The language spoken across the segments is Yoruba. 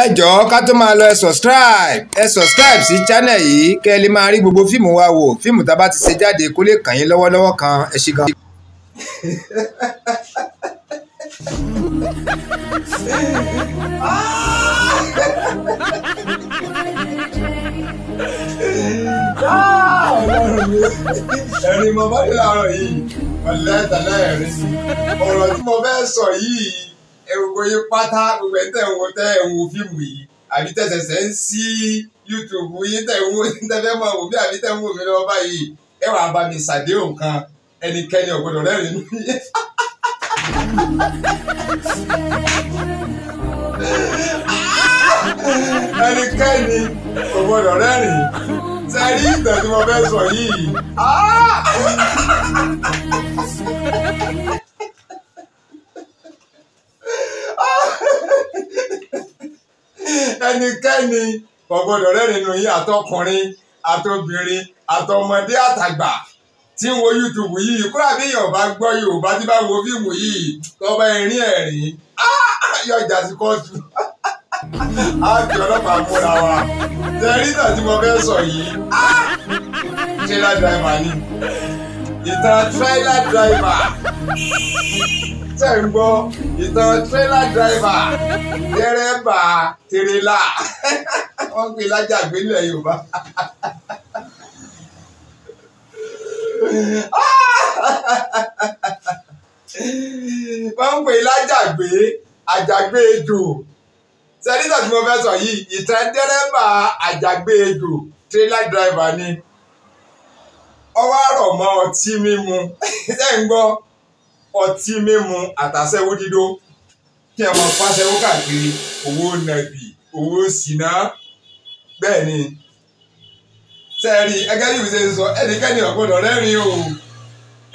ẹ jọ̀ọ́ ká tó máa lọ ẹ subscribe ẹ subscribe sí channel yìí kẹ́ ẹ lè máa rí gbogbo fíìmù wa wò fíìmù tá a bá ti ṣe jáde kó lè kàn yín lọ́wọ́lọ́wọ́ kan ẹ ṣe gan. ẹ̀rín mo bá dé láàárọ̀ yìí ọ̀lẹ́tàlẹ́ ẹ̀rín sí ọ̀rọ̀ tí mo fẹ́ sọ yìí gbogbo yín pátá gbogbo ẹ̀ tẹ̀ ń wo tẹ́ ẹ̀ ń wo fíìmù yìí àbí tẹ̀sẹ̀sẹ̀ ń sí YouTube yín tẹ̀ ń wo tẹ́fẹ́ mọ̀ wò bí àbí tẹ̀ ń wò mí lọ́wọ́ báyìí ẹ wàá bá mi ṣàdéhùn kan ẹnikẹ́ni ò gbọdọ̀ rẹ́rìn inú yẹn. ẹnikẹ́ni ò gbọdọ̀ rẹ́rìn sẹ́rí ìtàn tí mo fẹ́ sọ yìí. Ah! ẹnikẹ́ni kò gbọdọ̀ rẹ́rìn nù yín àtọkùnrin àtobìnrin àtọmọdé àtàgbà tí ń wo YouTube yìí kúrò àbí Yorùbá gbọ́ Yorùbá tí bá wo fíìmù yìí lọ́ba ẹ̀rín ẹ̀rín ah, yọjà sí kóòtù á fi ọlọ́pàá múra wa tẹ̀rí náà tí mo fẹ́ sọ yìí ah, trailer driver ni ìtàn trailer driver. tẹ̀ ń gbọ́ ìtàn tírélà dírẹ́fà dẹ́rẹ́bà tírélà wọ́n ń pè lájàgbé ilẹ̀ Yorùbá. wọ́n ń pè lájàgbé àjàgbé ejò sẹ́dítà tí mo fẹ́ sọ yìí ìtàn dẹ́rẹ́bà àjàgbé ejò tírélà dírẹ́fà ni ọwọ́ àrọ̀ mọ́ ọtí mímu ṣe ń gbọ́ ọtí mímu àtàṣẹ́wó dídó kí ẹ máa fáṣẹ́wó káàkiri owó nàbì owó ṣìnà bẹ́ẹ̀ ni sẹ́ẹ̀rì ẹgẹ́ yìí ṣe ń sọ ẹnikẹ́ni ò gbọ́dọ̀ rẹ́rìn o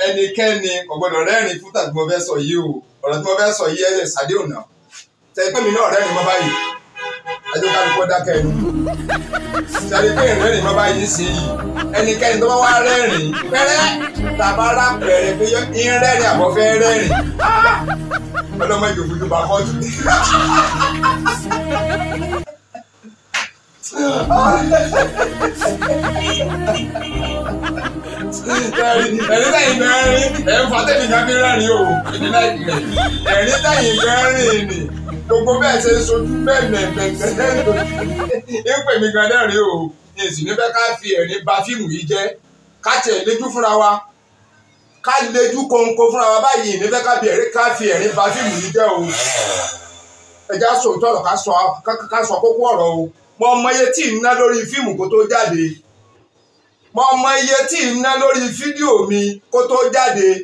ẹnikẹ́ni ò gbọ́dọ̀ rẹ́rìn fún tàbí mo fẹ́ sọ yìí o ọ̀rọ̀ tí mo fẹ́ sọ yìí ẹ̀ ṣàdéhùn náà tẹ́ pé mi náà rẹ́rìn mọ́ báyìí ẹjọ́ ká lóko dákẹ́ ẹnu sẹ́ni pé ìrẹ́rìn máa bá yìí sí yìí ẹnikẹ́ni tó bá wá rẹ́rìn pẹ́rẹ́ tàbá rà pẹ̀rẹ̀ pé ìrẹ́rìn àbọ̀ fẹ́ rẹ́rìn ọlọ́mọ ìjòkó ló bá kọ́ jù. ẹ̀rí táyì bẹ́ẹ̀ rí ẹ̀ ń fa tẹ́lifíà fi rẹ́rìn o ẹ̀rí táyì bẹ́ẹ̀ rìn ni. gbogbo bẹ́ẹ̀ ṣe ń sojú bẹ́ẹ̀ mẹ̀mẹ̀mẹ̀ ń mí gan lẹ́rìn o èsì níbẹ̀ ká fi ẹ̀rín ba fíìmù yìí jẹ́ ká léjú fúnra wa ká léjú fúnra wa báyìí níbẹ̀ ká fi ẹ̀rín ba fíìmù yìí jẹ́ o ẹja sòótọ́ ọ̀rọ̀ ká sọ kókó ọ̀rọ̀ o iye tí ń ná lórí fíìmù kó tó jáde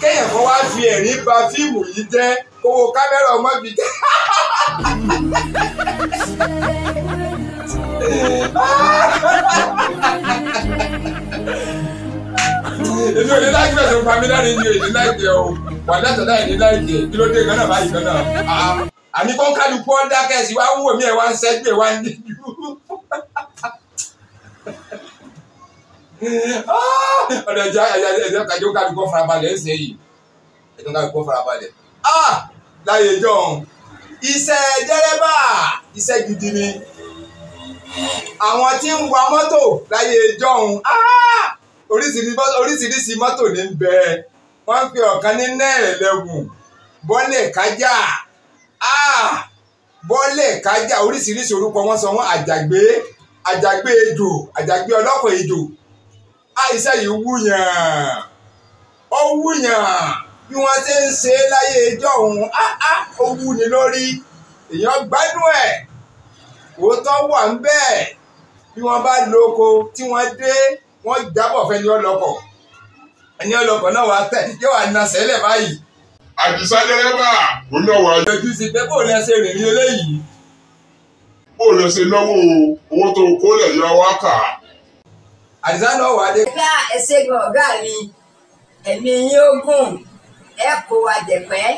kéèyàn kan wá fi ẹ̀rín ba fíìmù yìí jẹ́ kówó kámẹ́rà ọmọ mi jẹ́. èmi ò ní láì fẹsẹ̀ fún mi láti ní èyí láì jẹ o wà látọ̀ láì ní láì jẹ kí ló dé gánà báyìí gánà àní kó kálukú ọ̀dà kẹ̀sì wá ń wò mí ẹ̀ wá ń sẹ́gbẹ̀ẹ́ wá ń díjú. Ah, ọ̀dọ̀ ìjà ẹ̀jẹ̀ kájú kájú kọ́ farabalẹ̀ ẹ̀sẹ̀ yìí ẹ̀jẹ̀ kájú kọ́ farabalẹ̀ láyé jọ̀hún iṣẹ́ dẹ́rẹ́bà iṣẹ́ gidi ni àwọn tí ń wa mọ́tò láyé jọ̀hún oríṣiríṣi mọ́tò ní ń bẹ wọ́n fi ọ̀kan ní náírẹ̀lẹ́gùn bọ́lẹ̀ kájà bọ́lẹ̀ kájà oríṣiríṣi orúkọ wọn sọ wọn àjàgbé àjàgbé ejò àjàgbé ọlọ́kọ̀ ejò àìsàn yìí wúyàn ó wúyàn bí wọ́n ti ń ṣe é láyé ẹjọ́ òun áá ó wú ni lórí èèyàn gbádùn ẹ̀ òótọ́ wà ń bẹ́ẹ̀ bí wọ́n bá lóko tí wọ́n dé wọ́n jábọ̀ fẹ́ ni ọlọ́kọ̀ ẹni ọlọ́kọ̀ náà wàá tẹ̀ yóò wá na sẹ́lẹ̀ báyìí. àdìsá dẹ́rẹ́bà ó náà wá. ìjọjú sí pé bóun ẹsẹ̀ rìn ní eléyìí. bóun ẹsẹ̀ náwó owó tó kó lẹ̀ yọ wá kà á àdìsá náà wà á dé. ìgbà ẹ̀ṣẹ̀gun ọ̀gá mi ẹ̀mí yín ó gùn ẹ̀ kó wa dẹ̀pẹ́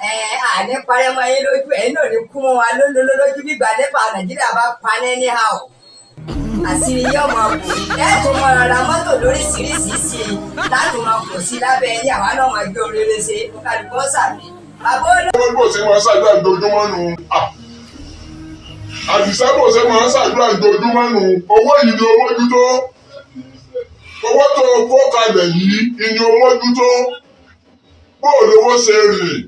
ẹ̀ àní parẹ́mọ yín lójú ẹ̀yin náà ní kú wa lólólójú gbígbà nípa nàìjíríà bá panẹ́ ní hàó àṣírí yóò máa kù ẹ̀ tó mọ ra mọ́tò lóríṣiríṣi láti máa kù sí lábẹ́ ẹ̀yìn àwa náà máa gbé orin rere ṣe kálukọ́ sàmì. bàbá olóògbé. gbogbo ṣe máa ṣàgbà àdìsá kò ṣe máa ń ṣàdúrà ìdojúmọ́ nù owó yìí ni owó dúdó owó tó kó kalẹ̀ yìí ni owó dúdó bóò lówó ṣe rìn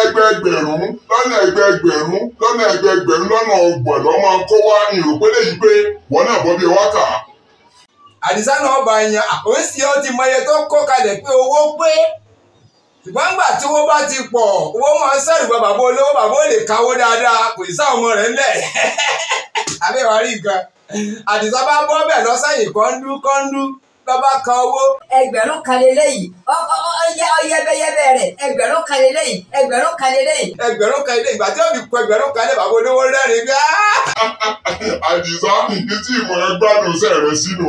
ẹgbẹẹgbẹ̀rún lọ́nà ẹgbẹẹgbẹ̀rún lọ́nà ẹgbẹẹgbẹ̀rún lọ́nà ọgbọ̀n lọ́ máa kó wá ìròpélé yìí pé wọ́n náà bọ́ bí wákà. àdìsá náà bá yan àpò ń ṣe ọtí mọyẹ tó kọ́ kalẹ̀ pé owó pé ṣùgbọ́n nígbà tí wọ́n bá ti pọ̀ owó máa ń sẹ́rù bá bàbá olówó bàbá ò lè káwó dáadáa kò sí àwọn ọmọ rẹ̀ ńlẹ̀ abẹ́wà rí nǹkan àdìsá bá bọ́ bẹ̀ lọ́sẹ̀yìn kọ́ńdú kọ́ńdú lọ́ba kan owó. ẹgbẹ̀rún kan lélẹ́yìí ọyẹbẹyẹbẹ rẹ ẹgbẹ̀rún kan lélẹ́yìí ẹgbẹ̀rún kan lélẹ́yìí. ẹgbẹ̀rún kan lélẹ́yìí ìgbà tí wọ́n fi kọ ẹgbẹ̀rún kan lé bàbá olówó rẹ́rìn gbá. àdìsá etí ìmọ̀ ẹgbàdùn sẹ́rẹ̀ sínú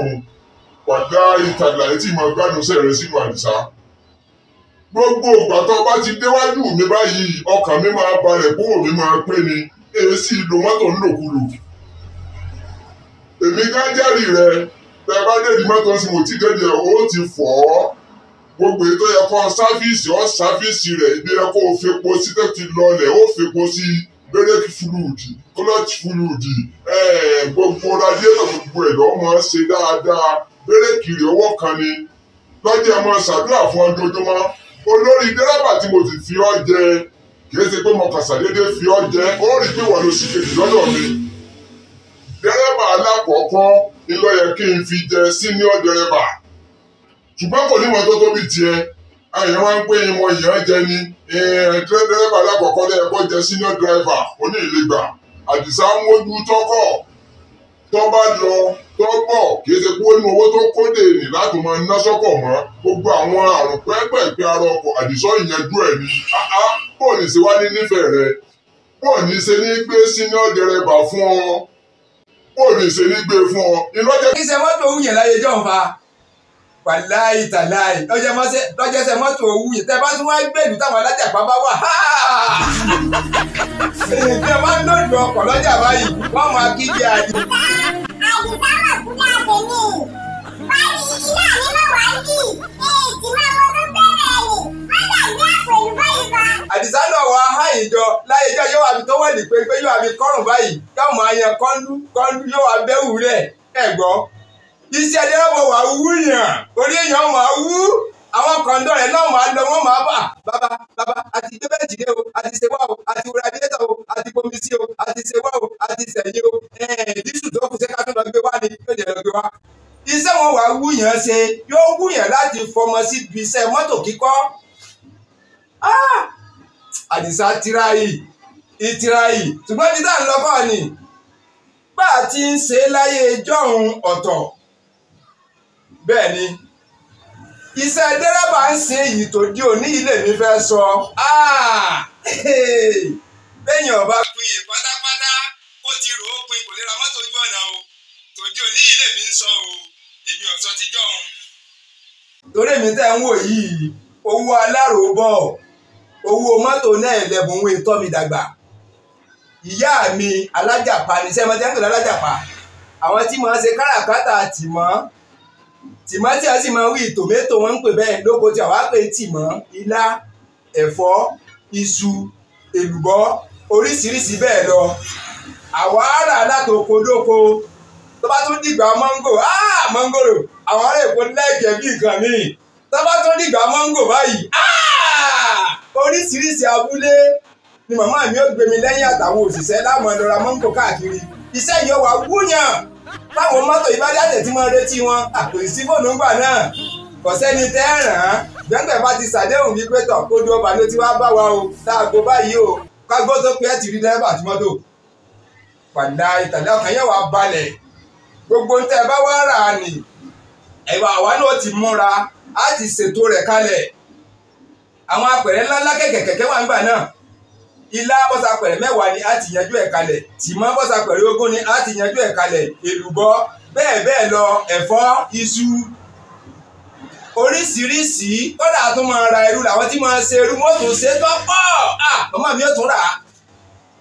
wàdá ìtàgbà etí ìmọ̀ ẹgbàdùn sẹ́rẹ̀ sínú àdìsá gbogbo ìgbà tó bá ti déwájú mi báyìí ọkàn mi máa balẹ̀ bówó mi máa pé ni èsì ìlò mọ́tò ńlòkulò èmi gájẹ́rì rẹ tẹ bá dé di mọ́tò sí mo ti dédé o ti fọ́ ọ gbogbo ètò yẹ kọ́ sáfíìsì ọ sáfíìsì rẹ̀ ibi yẹ kó o fepo sí tó lọlẹ̀ ó fepo sí bẹ́rẹ́kì fúlùdì klọ́ọ̀tì fúlùdì gbogbo radiétọ̀ gbogbo ẹ̀ lọ́ mọ́ ṣe dáadáa bẹ́rẹ́kì rẹ̀ ọwọ́ kan ni lọ́jọ́ ẹ̀ máa ṣàdúrà fún ọdún ojúmọ́ olórí dẹ́rẹ́bà tí mo sì fi ọ́ jẹ kì í ṣe pé mo kàṣà dédé fi ọ́ jẹ ó rí pé wọ́n ló sì kejì lọ́dọ̀ mi dẹ́rẹ́bà alákọ̀ọ́kọ́ ńlọ yẹ kí n fi jẹ senior dẹ́rẹ́bà ṣùgbọ́n kò ní mọ́tò tó bí tiẹ̀ àyàn máa ń pè é mọ ìyàn jẹ ni dẹ́rẹ́bà alákọ̀ọ́kọ́ lẹ́yìn kó jẹ senior driver oní ìlẹgbà àdìsá ń mójú tọ́kọ̀ tó bá lọ tó bọ̀ kìí ṣe kó nínú owó tó kó dè ní láti máa ná sọ́kọ̀ mọ́ gbogbo àwọn àrùn pẹ́ẹ́pẹ́ẹ́pẹ́ ara ọkọ̀ àdìsọ́ ìyanjú ẹ̀ ni bó ní ṣe wá ní nífẹ̀ẹ́ rẹ bó ní ṣe ní gbé sínú dẹrẹbà fún ọ bó ní ṣe ní gbé fún ọ. ìlọ́jẹ́. ìṣe mọ́tò ń yẹ̀ láyé jọ̀ọ́ wàláì tàláì lọ́jọ́sẹ̀ mọ́tò owó yìí tẹ́ bá tún wá gbé ìlú táwọn alájà pa bá wà ha tẹ́ bá lọ́dún ọkọ̀ lọ́jà báyìí wọ́n máa kí jẹ́ àdé. àgùntàn náà fún àgbẹ̀ mi báyìí iná mi máa wá kí èèdì máa wọ́n tó bẹ̀rẹ̀ rè má dàgbé àpèlú báyìí bá. àdìsá náà wà á hàn ìjọ láyé ìjọ yóò wà mí tó wọ̀lì pé pé yóò wà mí kọ́rùn báyìí táwọn àyàn kọ́ńdú kọ́ńdú yóò wà bẹ́ẹ̀ wù rẹ̀ ẹ̀ gbọ́ iṣẹ́ ẹ̀dẹ́rẹ́bọ̀ wà wú yàn orí èèyàn wà wú àwọn kọ̀ǹdọ̀ rẹ̀ náà máa lọ wọ́n máa bà bàbá bàbá àti gbé bẹ́ẹ̀jì lé o àti ṣe wá o àti wúra bílétà o àti bomi o àti ṣe wá o àti sẹ̀yìn o dísù tó kù sí ká tó lọ gbé wá ni yóò jẹ́ lọ gbé wá. iṣẹ́ wọn wà wúyàn ṣe yóò wúyàn láti fọmọ sí ibi iṣẹ́ mọ́tò kíkọ́. Ah! àdìsá tirayi ìtirayi ṣùgbọ́n ibi tá à ń lọ bọ́ọ̀ ni bá a ti ń ṣe láyé ìjọ́un ọ̀tọ̀ bẹ́ẹ̀ ni iṣẹ́ dẹ́rẹ́bà ń ṣe èyí tó di òní ilé mi fẹ́ sọ bẹ́ẹ̀ni ọba pin yìí pátápátá ó ti rò ó pin kò lè ra mọ́tò ojú ọ̀nà o tó di òní ilé mi ń sọ o èmi ọ̀sọ́ ti jọ òun. torí èmi tẹ́ ń wò yìí owó aláròbọ̀ owó mọ́tò náà lẹ́bùn òun ètò mi dàgbà ìyá mi alájàpá ni sẹ́yìn mọ́tò alájàpá àwọn tí mo ń ṣe káràkátà tì mọ́ tìmọ́tì á sì máa wí tòmẹ́tò wọn ń pè bẹ́ẹ̀ lóko tí àwa pè tìmọ́ ilá ẹ̀fọ́ iṣu èlùbọ́ oríṣiríṣi bẹ́ẹ̀ lọ àwa rà látòkodóko tó bá tún dìgbà mọ́ngò áà mọ́ngòrò àwọn ará èkó lẹ́ẹ̀kẹ́ bí nǹkan míì tó bá tún dìgbà mọ́ngò báyìí áà oríṣiríṣi abúlé ni màmá mi ò gbé mi lẹ́yìn àtàwọn òṣìṣẹ́ láwọn ẹ̀rọ ra mọ́ngò káàkiri iṣẹ́ yìí ó wà wúyàn báwọn mọ́tò yìí bá jáde tí wọ́n retí wọn kò sí fóònù ńgbà náà kò sẹ́ni tẹ́ ràn án gbẹ́ngbẹ́ bá ti ṣàdéhùn bíi pé kó dúró bàánú tí wàá bá wa o láago báyìí o kágbó tó pé ẹ ti rí dẹ́rẹ́bà àti mọ́tò pàdà ìtàlẹ́ ọkàn yẹn wàá balẹ̀ gbogbo tẹ́ bá wá rà á nì ẹ̀wà àwa náà ti múra á ti ṣètò rẹ̀ kalẹ̀ àwọn apẹ̀rẹ̀ ńláńlá kẹ̀kẹ̀kẹ̀ wà ńgbà náà ilá bọ́sàpẹ̀rẹ̀ mẹ́wàá ni a ti yanjú ẹ̀ kalẹ̀ tìmọ́ bọ́sàpẹ̀rẹ̀ ogún ni a ti yanjú ẹ̀ kalẹ̀ èlùbọ́ bẹ́ẹ̀ bẹ́ẹ̀ lọ ẹ̀fọ́ iṣu oríṣiríṣi kódà tó máa ra irú làwọn tí máa ṣe irú wọn tún ṣe tó pọ̀ màmá mi ò tún rà á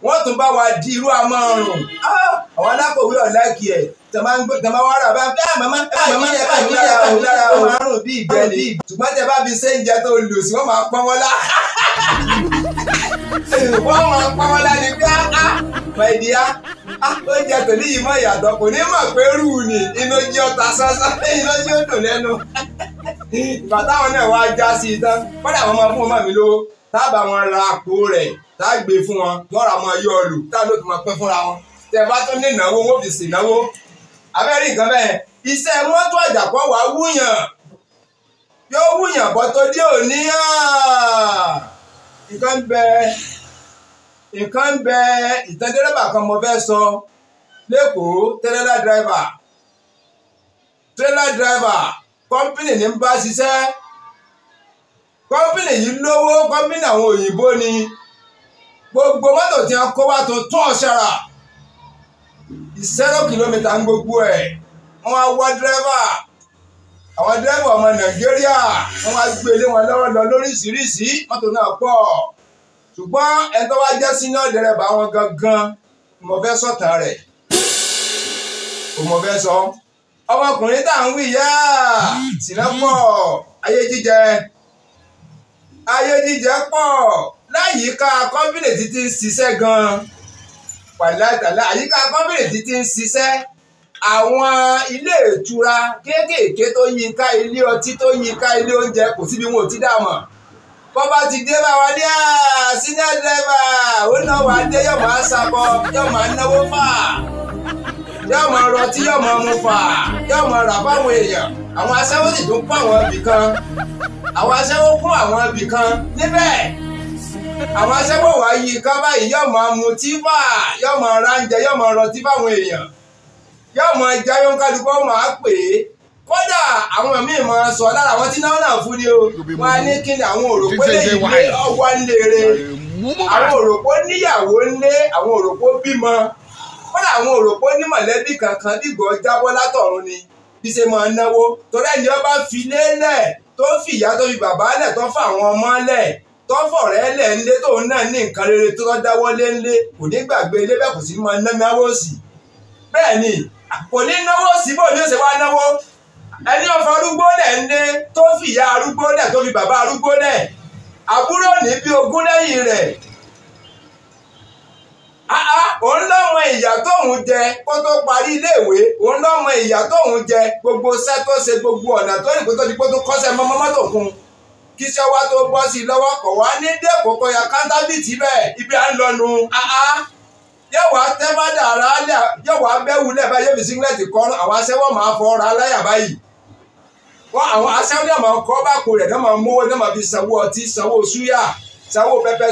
wọ́n tún bá wa di irú amọ̀rùn àwọn alákòwé ọ̀làkì ẹ̀ tẹ̀mọ́ wá rà bá ń bẹ́ẹ̀ màmá màmá ẹ̀ bá ìwé ara òun lára òun àrùn bí ìgbẹ́ ni ṣùgbọ́n tẹ bá fi ṣe ń jẹ tó lò sí wọ́n máa pọ́n wọ́n lá wọ́n máa pa wọ́n láti pé á pẹ̀lú á oúnjẹ tòní yìí mọ̀ ìyàtọ̀ kò ní mọ̀ pé rú ni iná jí ọta sánsán iná jí ó dùn lẹ́nu ìgbà táwọn náà wá já sí i tán kọ́dà wọ́n máa fún ọmọ mi lówó tábà wọn ra àpò rẹ̀ tá a gbé fún wọn wọ́n ra máa yọ ọ lù táwọn ló tún máa pín fúnra wọn tẹ bá tún ní ìnáwó wọn fi sì náwó abẹ́rẹ́ nǹkan bẹ́ẹ̀ iṣẹ́ mọ́tò àjàpọ̀ wàá wúyàn yóò wúyàn bọ́ dé òní hàn. nǹkan bẹ nǹkan bẹ ìtàn kan mo fẹ́ sọ lẹ́kọ̀ọ́ tẹ́lẹ́lá dírẹ́bà tẹ́lẹ́lá dírẹ́bà ni ní bá ṣiṣẹ́ kọ́mpìnì yìí lówó kọ́mpìnì àwọn òyìnbó ni gbogbo mọ́tò tí wọ́n kó wá tuntun ọ̀ṣàrà zero kìlómítà ń gbogbo wá àwọn dẹ́rẹ́bù ọmọ nàìjíríà wọ́n wá gbé ilé wọn lọ́wọ́ lọ lóríṣiríṣi mọ́tò náà pọ̀ ṣùgbọ́n ẹni tó wá jẹ́ sínú dẹ́rẹ́bà wọn gangan mo fẹ́ sọ̀tàn rẹ̀ kò mo fẹ́ sọ ọmọkùnrin tá à ń wí yá sínú pọ̀ ayé jíjẹ ayé jíjẹ pọ̀ láyìíká kọ́ńbìlì ti ti ń ṣiṣẹ́ gan-an pàdé àyíká kọ́ńbìlì ti ti ń ṣiṣẹ́ àwọn ilé ìtura kéékèèké tó yí ká ilé ọtí tó yí ká ilé oúnjẹ kò síbi wọn ò ti dààmú bọ́bá ti dé bá wa ní senior driver ó náà wà dé yóò máa sabọ yóò máa náwó fà yóò máa rọtí yóò máa mu fà yóò máa rà fáwọn èèyàn àwọn aṣẹ́wó sì tún kún àwọn ibì kan àwọn aṣẹ́wó kún àwọn ibì kan níbẹ̀ àwọn aṣẹ́wó wà yí ká báyìí yóò máa mu tífà yóò máa ra oúnjẹ yóò máa rọtí fáwọn èèyàn. yóò mọ jáwé ń kálukú ọmọ á pè é kódà àwọn míì máa sọ lára àwọn tí náà náà fún ni o máa ní kí ni àwọn òròpó lè ilé ọwọ́ rẹ àwọn òròpó níyàwó ńlé àwọn òròpó bímọ kódà àwọn òròpó ní mọ̀lẹ́bí kankan dìgbò jábọ́ látọ̀run ni bí ṣe máa náwó torí ẹni ọba fi lẹ̀ tó fìyà tó fi bàbá lẹ̀ àwọn ọmọ bẹ́ẹ̀ ni kò ní náwó síbò ní òṣèwà náwó ẹni ọ̀fọ̀ arúgbó dẹ̀ ń dé tó fi ìyá arúgbó dẹ̀ tó fi bàbá arúgbó dẹ̀ àbúrò ní bí ogún lẹ́yìn rẹ̀ òun lọ́mọ ìyà tóun jẹ kó tó parí iléèwé òun lọ́mọ ìyà tóun jẹ gbogbo iṣẹ́ tó ṣe gbogbo ọ̀nà tó rìn kó tó di kó tó kọ́ṣẹ́ mọ́mọ́ mọ́tò kún kí iṣẹ́ wa tó bọ́ sí i lọ́wọ́ kọ̀ wá ní dẹ́kọ̀ọ́ kọ́ ya kántábìtì bẹ́ẹ̀ ibi à ń lọ nu. yẹwà tẹ́fádà ara alẹ́ yẹwà bẹ́wulẹ̀ báyìí yẹ́bi singilẹ́tì kọ́ àwọn asẹ́wọ́ máa fọ ọ̀rọ̀ aláyà báyìí wọ́n àwọn asẹ́wọ́ náà máa bá kó rẹ̀ náà máa mówó náà máa fi sanwó ọtí sanwó sanwó pẹpẹ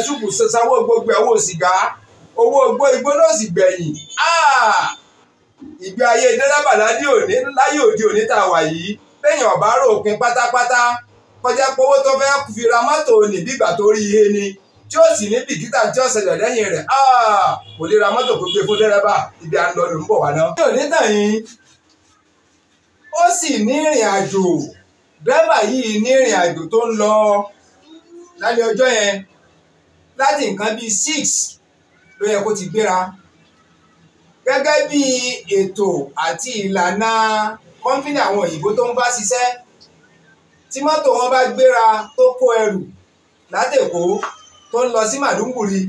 sanwó gbogbo sìgá owó gbó sì ah! ìgbé ayé láyé òní wà yìí rò òpin pátápátá kọjá pé owó tó fẹ́ fi ra mọ́tò tó ihe ni tí ó sì ní bìkítà tí ó ṣẹlẹ̀ lẹ́yìn rẹ̀ ah, kò lè ra mọ́tò kó gbé fún dẹ́rẹ́bà ibi à ń lọ ló ń bọ̀ wá náà. mi ò ní tàn yín ó sì ní ìrìn àjò dẹ́rẹ́bà yìí ní ìrìn àjò tó ń lọ lálẹ́ ọjọ́ yẹn láti nǹkan bíi six ló yẹ kó ti gbéra gẹ́gẹ́ bí ètò àti ìlànà kọ́ńpínì àwọn òyìnbó tó ń bá ṣiṣẹ́ tí mọ́tò wọn bá gbéra tó kó ẹrù látẹ̀kọ́ tó ń lọ sí màdúgbùrì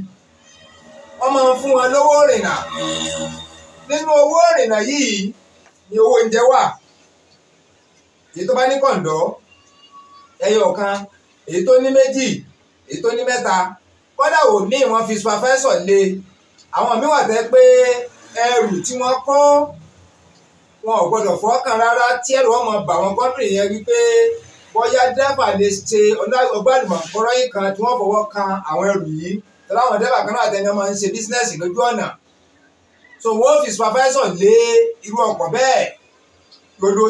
wọ́n máa ń fún wọn lówó ìrìnà nínú owó ìrìnà yìí ni owó oúnjẹ wà èyí tó bá ní kọ̀ǹdọ́ ẹyọ kan èyí tó ní méjì èyí tó ní mẹ́ta kọ́dà ò ní wọ́n fi supervisor lé àwọn míì wà tẹ́ pé ẹrù tí wọ́n kọ́ wọn ò gbọdọ̀ fọ́ kàn rárá tí ẹrù wọn mọ̀ bà wọ́n kọ́ńtìrì yẹn wípé bóyá dẹ́fà lè ṣe ọgbàdìmọ̀ kọ́rọ́yìn kan tí wọ́n fọwọ́ kan àwọn ẹrù yìí tọ́láwọn dẹ́fà kan náà tẹ́lẹ̀ máa ń ṣe bísínẹ́sì lójú ọ̀nà so wọ́n fi lé irú ọkọ̀ bẹ́ẹ̀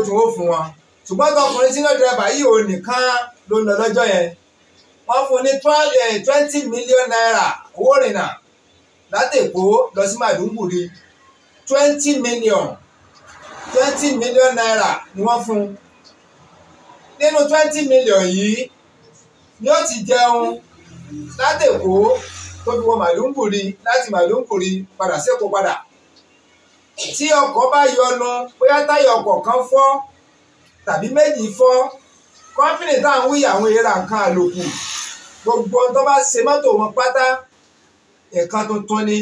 tí fún wọn ṣùgbọ́n dẹ́fà yìí ò nìkan ló ń lọ lọ́jọ́ yẹn wọ́n fún eh, naira owó rìnnà lọ sí twenty naira ni wọ́n fún nínú twenty million yìí ni ó ti jẹun látẹ̀kọ́ tó fi wọ màdúńkùrí láti màdúńkùrí padà sẹ́kọ̀ọ́ padà tí ọkọ̀ bá yọnu bóyá táyà ọkọ̀ kan fọ́ tàbí méjì fọ́ kọ́ńpìnì tá à ń wíyà àwọn èèrà nǹkan àlòkù gbogbo ohun tó bá ṣe mọ́tò wọn pátá nǹkan tuntun ni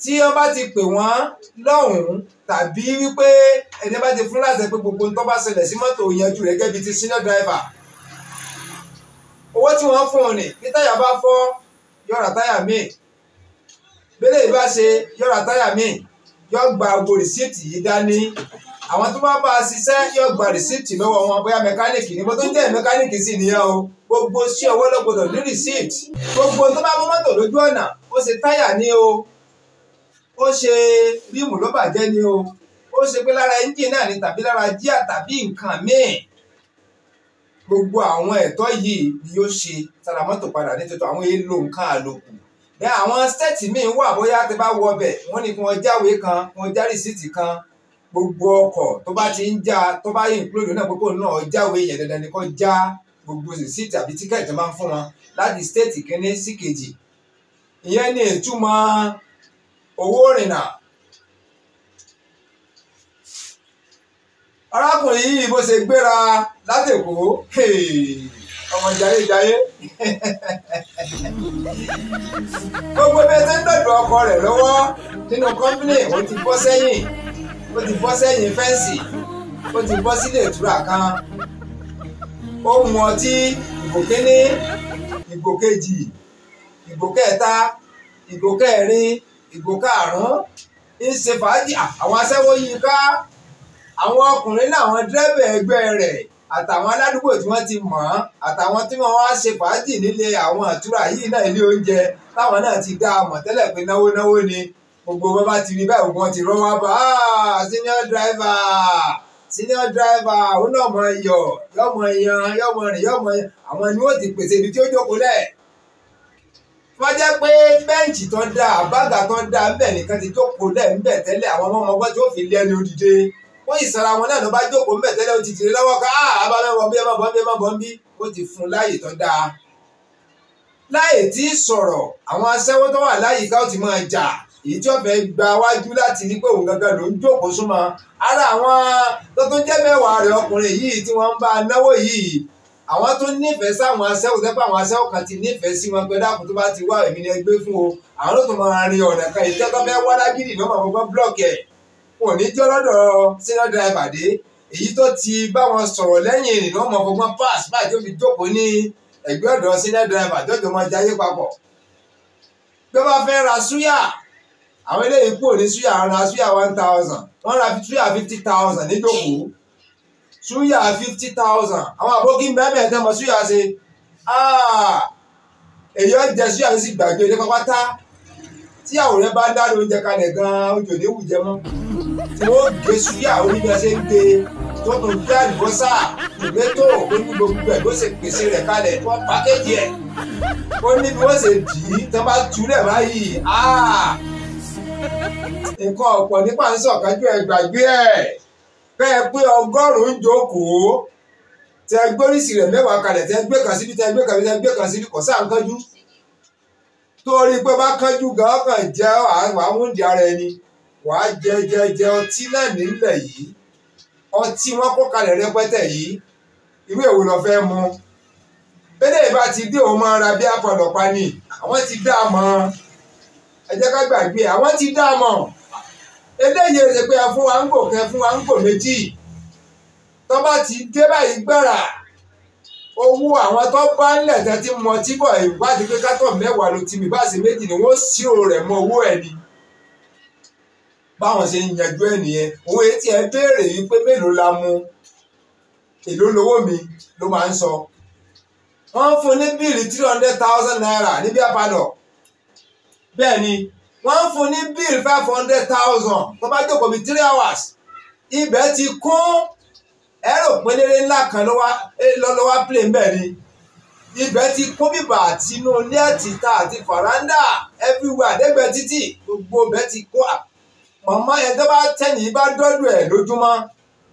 tí wọ́n ti pè wọ́n lọ́hùn-ún tàbí wípé ẹni bá ti fún láti pé gbogbo tó bá ṣẹlẹ̀ sí mọ́tò yanjú rẹ̀ gẹ́gẹ́ bí ti senior driver owó tí wọ́n fún un ni bí táyà bá fọ́ yọ̀rà táyà míì bẹ́lẹ̀ bá ṣe yọ̀rà táyà míì yọ̀ gba gbogbo rìsíìtì yìí dání àwọn tó bá bá a ṣiṣẹ́ yọ̀ gba rìsíìtì lọ́wọ́ wọn bóyá mẹkáníìkì ni mo tó ń jẹ́ mẹkáníìkì sì nìyẹn o gbogbo sí ọwọ́ lọ́gbọ̀dọ̀ ní rìsíìtì gbogbo tó bá mú mọ́tò lójú ọ̀nà ó ṣe táyà ní o ó ṣe rímù ló bàjẹ́ ni o ó ṣe pé lára ẹ́ńjìn náà ni tàbí lára jíà tàbí nǹkan míì gbogbo àwọn ẹ̀tọ́ yìí ni yóò ṣe sára mọ́tò padà ní tuntun àwọn èèlò nǹkan àlòkù bẹ́ẹ̀ àwọn sẹ́ẹ̀tì míì wà bóyá tẹ bá wọ ọbẹ̀ wọ́n ní kí wọ́n jáwèé kan kí wọ́n já rìsíìtì kan gbogbo ọkọ̀ tó bá ti ń já tó bá yìn kúlòdì náà gbogbo náà jáwèé yẹn dandan ni kò já gbogbo rìsíìtì àbí tíkẹ́ẹ̀tì máa ń fún wọn láti stéètì kínní sí kejì ìyẹn ni ìtumọ̀ owó rìnnà. arákùnrin yìí bó ṣe gbéra látèkó ọmọ jayéjayé gbogbo bí ẹ ti ń dọ̀dọ̀ ọkọ rẹ̀ lọ́wọ́ nínú kọ́mpínì ó ti bọ́ sẹ́yìn ó ti bọ́ sẹ́yìn fẹ́ǹsì ó ti bọ́ sílé ìtura kan ó mu ọtí ìgò kínní ìgò kejì ìgò kẹta ìgò kẹrin ìgò karùn-ún ń ṣe fàájì àwọn aṣẹ́wó yìí ká àwọn ọkùnrin láwọn dírẹ́bẹ̀ ẹgbẹ́ rẹ̀ àtàwọn aládùúgbò tí wọ́n ti mọ̀ ọ́n àtàwọn tí wọ́n wá ṣe fàájì nílé àwọn àtúrà yìí náà ilé oúnjẹ táwọn náà ti dá mọ̀ tẹ́lẹ̀ pé náwó náwó ni gbogbo wọn bá ti rí báyìí gbogbo wọn ti rọ́ bá ah, senior driver senior driver òun náà mọ̀ ẹ̀yọ̀ yọ̀mọ̀ ẹ̀yàn yọ̀mọ̀ rìn yọ̀mọ̀ àwọn ni wọ́n ti pèsè ibi tí ó jókòó lẹ̀ wọ́n jẹ́ pé bẹ́ǹchì tó dáa bàgà tó dáa ńbẹ̀ nìkan ti jókòó lẹ̀ ńbẹ̀ tẹ́lẹ̀ àwọn ọmọ ọmọgbọ́n tí ó fi lẹ́nu òdìdé wọ́n ìsara wọn náà ló bá jókòó ńbẹ̀ tẹ́lẹ̀ ó ti tìrì lọ́wọ́ ká abamẹ́wọ̀ bí ẹmọ bọ́n bí ẹmọ bọ́n bí ó ti fún láàyè tó dáa. láyè tí sọ̀rọ̀ àwọn aṣẹ́wó tó wà láyìíká ó ti máa jà èyí tí ọ̀fẹ́ gba wájú láti ní pé òun gangan ló ń jókòó súnmọ́ ara àwọn tó tún jẹ́ mẹ́wàá rẹ̀ ọkùnrin yìí tí wọ́n ń bá náwó yìí àwọn tó nífẹ̀ẹ́ sáwọn aṣẹ́wó tẹ́pẹ́ àwọn aṣẹ́wó kan ti nífẹ̀ẹ́ sí wọn pé dáàbò tó bá ti wá èmi ni ẹgbẹ́ fún o àwọn ló tún máa rin ọ̀nà kan ìjọ tó fẹ́ wá lágídì ló máa fọwọ́ blọ́ọ̀kì ẹ̀ wọn ò ní jọ́ lọ́dọ̀ senior driver dé èyí tó ti bá wọn sọ̀rọ̀ lẹ́yìn ìrìn ló máa fọwọ́ pass báyìí tó fi jókòó ní ẹgbẹ́ ọ̀dọ̀ senior driver jọjọ máa jayé papọ̀ tó bá fẹ́ ra súyà àwọn eléyìí kúrò ní súyà ra súyà one thousand wọ́n ra súyà fifty thousand súyà fifty thousand àwọn àbókí bẹ́ẹ̀ tán mọ súyà ṣe ah! èyí ó jẹ súyà sí gbàgbé ilé pápátá tí àwòrán bá dáná oúnjẹ kalẹ̀ gan-an oúnjẹ ò ní wù jẹ mọ́ tí ó gé súyà onígbàṣẹ́ ń gbé tó tó gbé àlùbọ́sà ìgbétò oní gbogbo ẹ̀ ló ṣe pèsè rẹ̀ kalẹ̀ tó pàkéjì ẹ̀ ó ní bí wọ́n ṣe dì í tó bá túlẹ̀ báyìí ah! nǹkan ọ̀pọ̀ nípa ń sọ̀kájú ẹ̀ gbàgbé ẹ̀ bẹ́ ẹ pé ọgọ́rùn-ún jókòó tẹ gbóríṣì rẹ̀ mẹ́wàá kalẹ̀ tẹ gbé kan síbi tẹ gbé kan síbi tẹ gbé kan síbi kọ̀ sáà ń kánjú torí pé bá kánjú gan ọkàn jẹ́ wàá múndì ara ẹni wàá jẹ jẹ jẹ ọtí náà nílẹ̀ yìí ọtí wọn kó kalẹ̀ rẹpẹtẹ yìí irú èwo lọ fẹ́ mu bẹ́ẹ̀ ìbá ti dé òun máa ra bí apọ̀lọ̀pá ni àwọn ti dá a mọ̀ ẹ jẹ́ ká gbàgbé àwọn ti dá a mọ̀ eléyìí ẹsẹ̀ pé ẹ fún wa ń gò kẹ fún wa ń gò méjì tó bá ti dé báyìí gbàrà owó àwọn tó bá ń lẹ̀tẹ̀ tí mọ tí bọ̀ ìwádìí pé kátọ̀ mẹ́wàá ló ti mi bá ṣe méjì ni wọ́n ṣírò rẹ̀ mọ owó ẹ̀ ni báwọn ṣe ń yanjú ẹ̀ nìyẹn owó etí ẹ béèrè wípé mélòó la mu èló lówó mi ló máa ń sọ wọ́n fún ní bíìlì three hundred thousand naira níbi àpàdọ̀ bẹ́ẹ̀ ni wọ́n fún ní bill five hundred thousand tó bá jókòó bíi three hours ibẹ̀ ti kún ẹ̀rọ pélére ńlá kan lọ́wọ́ play ń bẹ̀ ni ibẹ̀ ti kún bíbà àti inú ilé àtìta àti Faranda everywhere àdẹ́gbẹ́ títì gbogbo ibẹ̀ ti kún à mọ̀mọ́ ẹ̀ tó bá tẹ̀yìn bá dọ́dọ̀ ẹ̀ lójúmọ́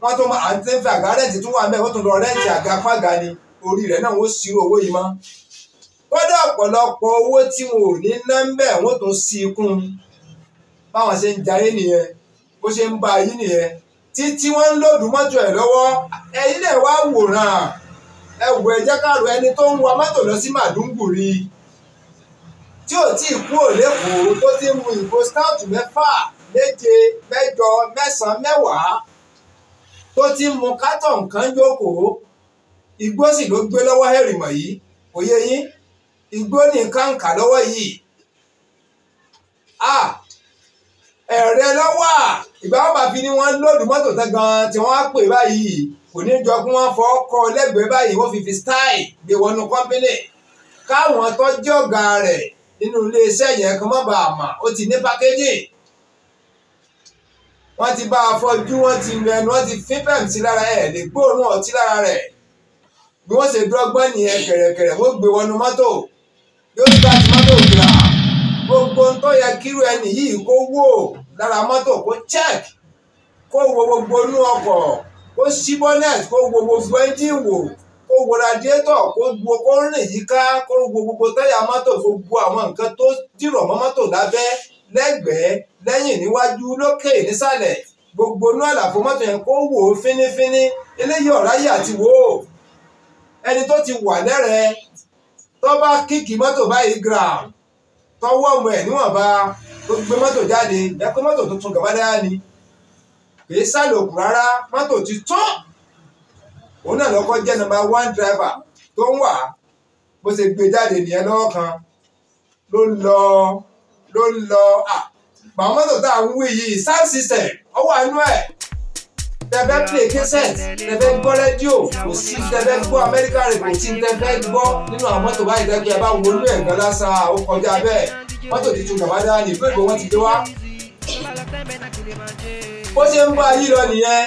wọ́n tó máa àti fẹ́ àgá rẹ̀ǹtì tó wà mẹ́ẹ̀ wọ́n tó lọ rẹ̀ǹtì àga fún àga ni orí rẹ̀ náà wọ́n ṣírò owó yìí mọ́. kódà ọ̀pọ̀lọpọ̀ owó tí wọn ò ní ná ń bẹ̀ wọ́n tún sí i kún báwọn ṣe ń jayé nìyẹn bó ṣe ń ba ayé nìyẹn títí wọ́n ń lòdù mọ́tò ẹ̀ lọ́wọ́ ẹ̀yin náà wá wòran ẹ wò ẹ ẹni tó ń wa mọ́tò lọ sí Màdúngùrì tí ò tí ì kú òlékòó tó ti mu ìbò stout mẹ́fà méje mẹ́jọ mẹ́sàn-án mẹ́wàá tó ti mu kátọ̀ nǹkan jókòó igbó sì ló gbé lọ́wọ́ hẹ́rìmọ̀ yìí òye yín igbó nìkan kà lọ́wọ́ yìí a ah, ẹ̀rẹ́ lọ́wọ́ à ìbáwọ́ bàbí ni wọ́n lòdù mọ́tò tán gan tí wọ́n á pè báyìí kò ní jọ kí wọ́n fọ́ kọ́ lẹ́gbẹ̀ẹ́ báyìí wọ́n fi fi style gbé wọnú kọ́mpínì káwọn tó jẹ́ ọ̀gá rẹ̀ nínú iléeṣẹ́ yẹn kan má bàa mà ó ti ní pákéjì wọ́n ti bá a fọjú wọ́n ti rẹnu wọ́n ti fípẹ̀m sí lára ẹ̀ lè gbóòórùn ọtí lára rẹ̀ bí wọ́n ṣe dọ́gbọ́n nìyẹn kẹ̀rẹ̀kẹ̀rẹ̀ wọ́n gbé wọnú mọ́tò yóò ti láti mọ́tò gbìlà gbogbo ń tó yẹ kírú ẹni yìí kó wò lára mọ́tò kó check kó wo gbogbo inú ọkọ̀ kó ṣí bonnet kó wo gbogbo engine wò kó wo radiator kó wo kó rìn yíká kó wo gbogbo táyà mọ́tò gbogbo àwọn nǹkan tó dìrọ̀ mọ́ mọ́tò lábẹ́ lẹ́gbẹ̀ẹ́ lẹ́yìn níwájú lókè nísàlẹ̀ gbogbo inú àlàfo mọ́tò yẹn kó wò ó fínífíní eléyìí ọ̀ráyè àti wò ó ẹni tó ti wà lẹ́rẹ̀ẹ́ tó bá kíkì mọ́tò báyìí ground tó wọ́ ọmọ ẹ̀ níwọ̀nba tó gbé mọ́tò jáde ìdápẹ́ mọ́tò tuntun gàbádáyà ni kì í sàlòkù rárá mọ́tò ti tán òun náà lọ́kọ́ jẹ́ nọ́mbà one driver tó ń wà bó ṣe gbé jáde nìyẹn lọ́wọ́ kan ló ń lọ ló ń lọ à tá à ń wí yìí sound system ọwọ́ àánú ẹ̀ tẹ́fẹ́ play cassette tẹ́fẹ́ gbọ́ rédíò kò sí tẹ́fẹ́ gbọ́ amẹ́ríkà rẹ̀ kò sí tẹ́fẹ́ gbọ́ nínú àwọn mọ́tò báyìí tẹ́fẹ́ ẹ bá wọnú ẹ̀ gan lásán ó kọjá bẹ́ẹ̀ mọ́tò tuntun bàbá dára ní ìgbẹ́ ìgbò wọn ti dé wá. bó ṣe ń bá yí lọ nìyẹn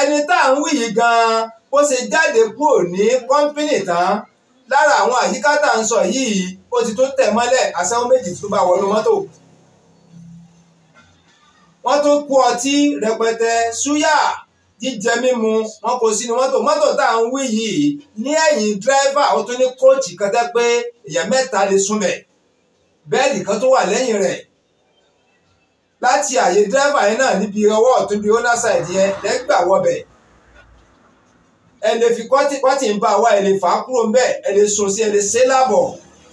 ẹni tá à ń wí yìí gan-an bó ṣe jáde kúrò ní kọ́ńpínì tán lára àwọn àyíká tá à ń sọ yìí ó ti tó tẹ̀ mọ́lẹ̀ àṣẹ́wó méjì tó bá wọnú mọ́tò wọ́n tó kó ọtí rẹpẹtẹ súyà jíjẹ mímu wọn kò sínú mọ́tò mọ́tò tá à ń wí yìí ní ẹ̀yìn dírẹ́fà ó tún ní kóòtù kan tẹ́ pé èèyàn mẹ́ta lè súnmẹ̀ bẹ́ẹ̀dì kan tó wà lẹ́yìn rẹ̀ láti àyè dírẹ́fà yẹn náà níbi ọwọ́ ọ̀tún bí owner side yẹn lẹ́gbà wọbẹ̀ ẹ lè fi kọ́tì kọ́tì ń bá wa ẹ lè fà á kúrò ńbẹ̀ ẹ lè sùn sí ẹ lè ṣe láàbọ̀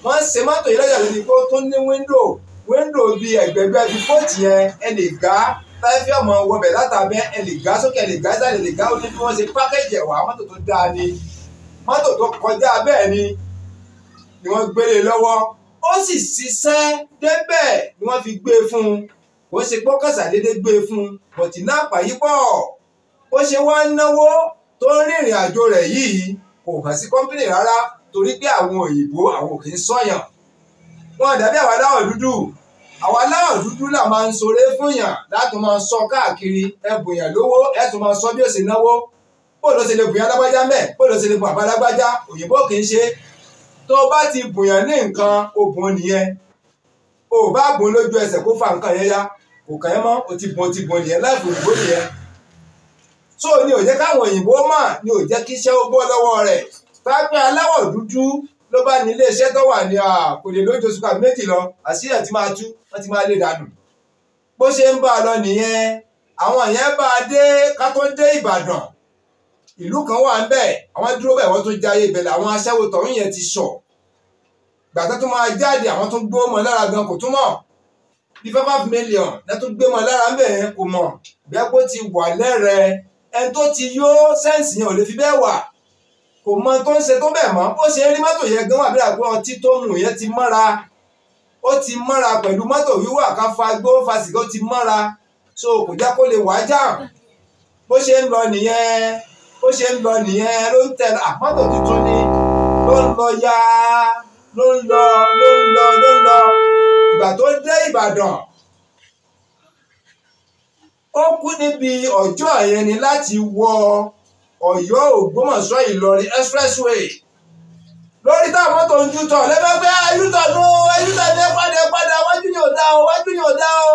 wọ́n ń ṣe mọ́tò yìí lọ́jà lórí pé ó tún ní wíńdò wíńdò bíi ẹ̀gbẹ̀gbẹ̀ bíi kóòtù yẹn ẹ lè gá táyífẹ́ ọmọ wọbẹ̀ látàbẹ́ ẹ lè gá sókè ẹ lè gá sálẹ̀ lè gá ó ní bí wọ́n ṣe pákéjì ẹ̀wà mọ́tò tó dáa ni mọ́tò tó kọjá bẹ́ẹ̀ ni ni wọ́n gbélé lọ́wọ́ ó sì ṣiṣẹ́ débẹ̀ ni wọ́n fi gbé e fún un kò ṣe pọ́kàṣà déédéé gbé e fún un bọ̀tì náà pàyí pọ̀ ó ṣe wá ń náwó tó ń rìnrìn àjò rẹ̀ yìí kò hàn sí kọ́mpìnì rárá torí pé àwọn òyìnbó àwọn kì í sọ̀yàn wọn dàbí àwọn aláwọ̀ dúdú àwọn aláwọ̀ dúdú là máa ń ṣoré fún yàn láti máa sọ káàkiri ẹbùn yàn lówó ẹ tún máa sọ bí ó sì náwó bó ló ṣe lè bùyàn lágbájá mẹ bó ló ṣe lè bùn àbá lágbájá òyìnbó kì í ṣe tó o bá ti bùyàn ní nǹkan òbùn nìyẹn o ò bá bùn lójú ẹsẹ̀ kó fa nǹkan yẹn ya kò kàn yẹn mọ́ o ti bùn o ti bùn nìyẹn láìpẹ́ òyìnbó nìyẹn so ni ò jẹ́ káwọn òyìnbó mà ni ò jẹ́ ó bọ́ lọ́wọ́ rẹ̀ bá pẹ́ aláwọ̀ dúdú ló bá ní iléeṣẹ́ tó wà ní kò lè lójú oṣù kan méjì lọ àṣírí ẹ̀ ti máa tú wọ́n ti máa lè dànù bó ṣe ń bá a lọ nìyẹn àwọn yẹn bá a dé ká tó dé Ìbàdàn ìlú kan wà ń bẹ̀ àwọn dúró bẹ̀ wọ́n tún jáyé ìbẹ̀lẹ̀ àwọn aṣẹ́wó tọ̀hún yẹn ti sọ gbàtà tó máa jáde àwọn tó gbó mọ́ lára gan kò túmọ̀ bí five million lẹ́tọ́ gbé mọ́ lára ń bẹ̀ kò mọ̀ bẹ́ẹ̀ kó ti wà lẹ́rẹ̀ẹ́ ẹni tó ti yó sẹ́ǹsì yẹn ò lè fi bẹ́ẹ̀ wà kò mọ tó ń ṣe tó bẹ̀ mọ́ bó ṣe rí mọ́tò yẹn gan wàbí àgbẹ̀ ọtí tó mú yẹn ti mọ́ra ó ti mọ́ra pẹ̀lú mọ́tò wíwà ká fa gbó fa sìgá ti mọ́ra so kò já kó lè wá já bó ṣe ń lọ nìyẹn bó ṣe ń lọ nìyẹn ló ń tẹ àmọ́tò tuntun ni ló ń lọ ya ló ń lọ ló ń lọ ló ń lọ ìgbà tó dé Ìbàdàn ó kú níbi ọjọ́ yẹn ni láti wọ ọ̀yọ́ ògbómọ̀ṣọ́ ìlọrin expressway lórí tá mọ́tò ń jútọ̀ lẹ́gbẹ́gbẹ́ ayútọ̀ ah, tó ayútọ̀ ní ẹ̀pàdé ẹ̀pàdé wájú ni ò dá o wájú ni ò dá o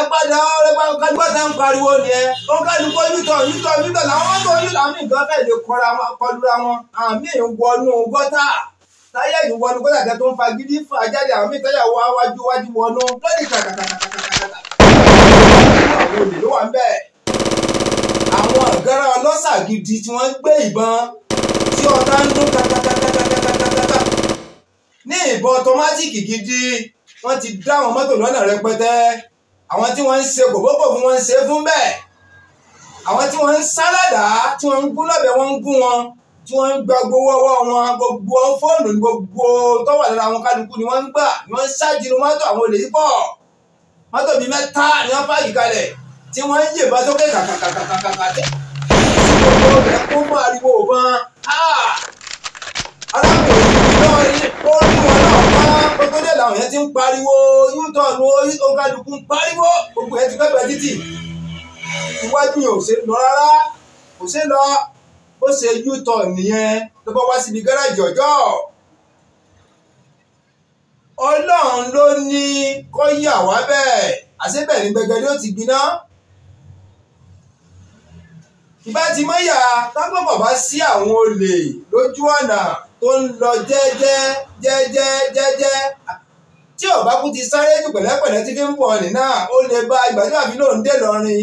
ẹ̀pàdé o ẹ̀pàdé tẹ́ ń pariwo ni ẹ tó ń kájú kó yútọ̀ yútọ̀ yútọ̀ làwọn mọ́tò yútọ̀ àmì nǹkan fẹ́ lè kọra kọlura wọn àmì ìwọnú gọ́tà táyà ìwọnú gọ́tà kẹ́ tó ń fa gidi fún ajáde àmì táyà wá wájú wájú wọnú lórí kàkàkàkàkàkàkàkà gàgàrà ọlọ́ṣà gidi tí wọ́n ń gbé ìbọn tí ọ̀tá ń dún kàkàkàkàkàkàkà ní ìbọn ọtọmátìkì gidi wọ́n ti dá àwọn mọ́tò lọ́nà rẹpẹtẹ àwọn tí wọ́n ń ṣe kòbóbò fún wọn ń ṣe fún bẹ́ẹ̀ àwọn tí wọ́n ń sálàdà tí wọ́n ń gún lọ́bẹ̀ wọ́n ń gún wọn tí wọ́n ń gba gbowó ọwọ́ wọn gbogbo fóònù ní gbogbo tó wà lára àwọn kálukú ni wọ́n ń gbà ni wọ́n ń ṣáàjìrì mọ́tò àwọn olè pọ̀ mọ́tò bíi mẹ́ta ni wọ́n fàyè kalẹ̀ tí wọ́n ń yèbá sókè kàkàkàkàkàkà ọ̀rẹ́ tó mú ariwo gan. arákùnrin náà ó rí wọn náà pọ́n gbogbo dé làwọn yẹn ti ń pariwo yúntọ̀nù oníkàlùkù ń pariwo gbogbo yẹn ti pẹ́ pẹ́ títì iwájú yẹn ò ṣe lọ rárá kò ṣe lọ bó ṣe yúntọ̀nù nìyẹn ló bọ́ wá síbi gáràjì ọjọ́ ọlọ́run ló ní kó yà wá bẹ́ẹ̀ àṣẹ bẹ́ẹ̀ ni gbẹgẹdẹ ó ti gbiná ìbá ti mọ́yà lágbọ́pọ̀ bá sí àwọn olè lójú ọ̀nà tó ń lọ jẹ́jẹ́ jẹ́jẹ́ jẹ́jẹ́ tí ọba kú ti sáré jù pẹ̀lẹ́pẹ̀lẹ́ tí fi ń bọ̀ ọ̀nì náà ó lè bá ìgbà tí àfi náà ń dé lọ́rin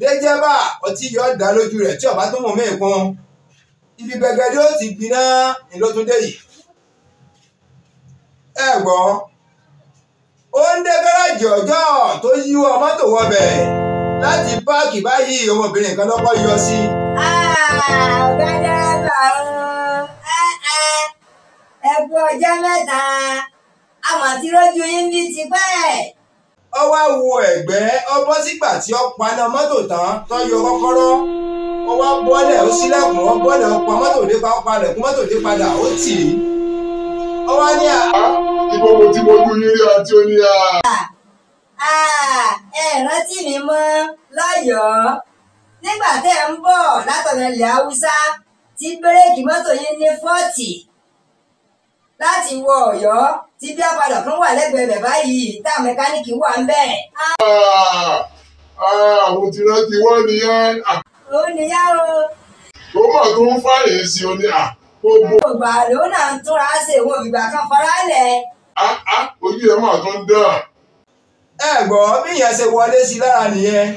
déjẹ́ bá ọtí yọ dá lójú rẹ̀ tí ọba tó mọ̀ mí kan ibi gbẹgẹdẹ ó ti gbiná ìlótúndé yìí ẹ gbọ́ ó ń dé gáràjì ọjọ́ tó yí ọmọ wọ bẹ́ẹ̀ láti páàkì báyìí ọmọbìnrin kan lọ́kọ́ yọ sí. Ah, gẹ́gẹ́ bá eh, eh. ẹ kú ọjọ́ mẹ́ta àmọ́ tí rójú yín bí ti pẹ́. ó wá wo ẹ̀gbẹ́ ó bọ́ sígbà tí ó paná mọ́tò tán tó yọ kọ́kọ́rọ́ ó wá bọ́lẹ̀ ó sílẹ̀kùn ó bọ́lẹ̀ ó pa mọ́tò dé padà kú mọ́tò dé padà ó tì í. ó wá ní à. Ah, ah, ìbọn mo ti mojú yín rí àti ó ní à ẹ rántí mi mọ́ lọ́yọ̀ọ́ nígbà tẹ́ ń bọ̀ látọ̀nà ilẹ̀ haúsá tí bírèkì mọ́tò yín ní fọ́ọ̀tì láti wọ ọ̀yọ́ tí bí apàdà kan wà lẹ́gbẹ̀ẹ́ bẹ̀ báyìí tá mẹkáníìkì wà ń bẹ̀. àwọn tí rántí wọ́n nìyẹn. ó nìyẹn o. ó mọ̀ tó ń fààyè sí i ní à gbogbo. gbogbo náà ń túnra ṣe òun ìgbà kan fara ojú ẹ̀ máa tún dán. ẹ bí yẹn ṣe wọlé sí lára nìyẹn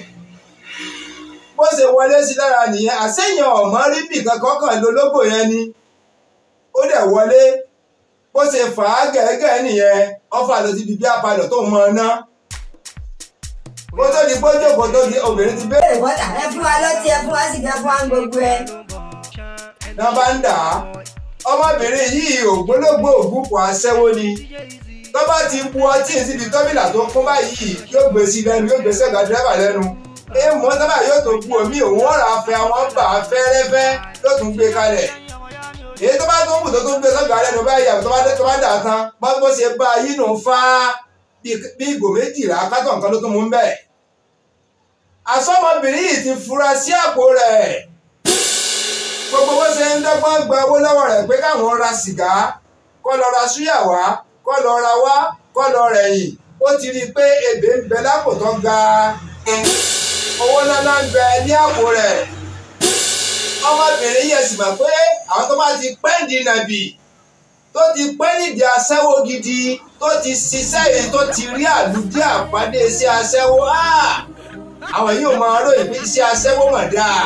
bó ṣe wọlé sí lára nìyẹn ọmọ rí bì kankan kan ló yẹn ni ó dẹ̀ wọlé bó ṣe fà á gẹ́gẹ́ nìyẹn ọfà lọ bí tó mọ ná kó di ti bẹ́ẹ̀. bọ́tà ẹ fún wa ẹ fún wa sì fẹ́ fún gbogbo ẹ. náà bá ń dà ọmọbìnrin yìí ògbólógbò ni. tó bá ti bu ọtí síbi tọ́mìnà tó kó báyìí yóò gbé sí lẹ́nu yóò gbé sẹ́gbà dírẹ́bà lẹ́nu èèmọ̀ sábà yóò tó bu omi òun ọ̀rà afẹ́ àwọn bà á fẹ́rẹ́fẹ́ yóò tún gbé kalẹ̀ èyí tó bá tó ń bù tó tó ń gbé sẹ́gbà lẹ́nu báyìí àbí tó bá dà tán bá bó ṣe bá a yín nù fá bí ìgò méjìlá kátó nǹkan ló tún mú bẹ́ẹ̀ asọ́mọbìnrin yìí ti fura sí àpò rẹ̀ gbogbo bó ṣe ń dọ́gbọ́n gba owó lọ́wọ́ rẹ̀ pé káwọn ra sìgá kó lọ súyà wá kọ́ lọ ra wá kọ́ lọ rẹ̀yìn ó ti rí i pé ebè ń bẹ lápò tó ga owó ńláńlá ń bẹ ní àpò rẹ̀ ọmọbìnrin yẹn sì mọ̀ pé àwọn tó bá ti pẹ́ ìdí nàbì tó ti pẹ́ nídìí aṣẹ́wó gidi tó ti ṣiṣẹ́ èyí tó ti rí àlùdí àpàdé iṣẹ́ aṣẹ́wó àwọn yìí ò máa ròyìn pé iṣẹ́ aṣẹ́wó mọ̀ dáa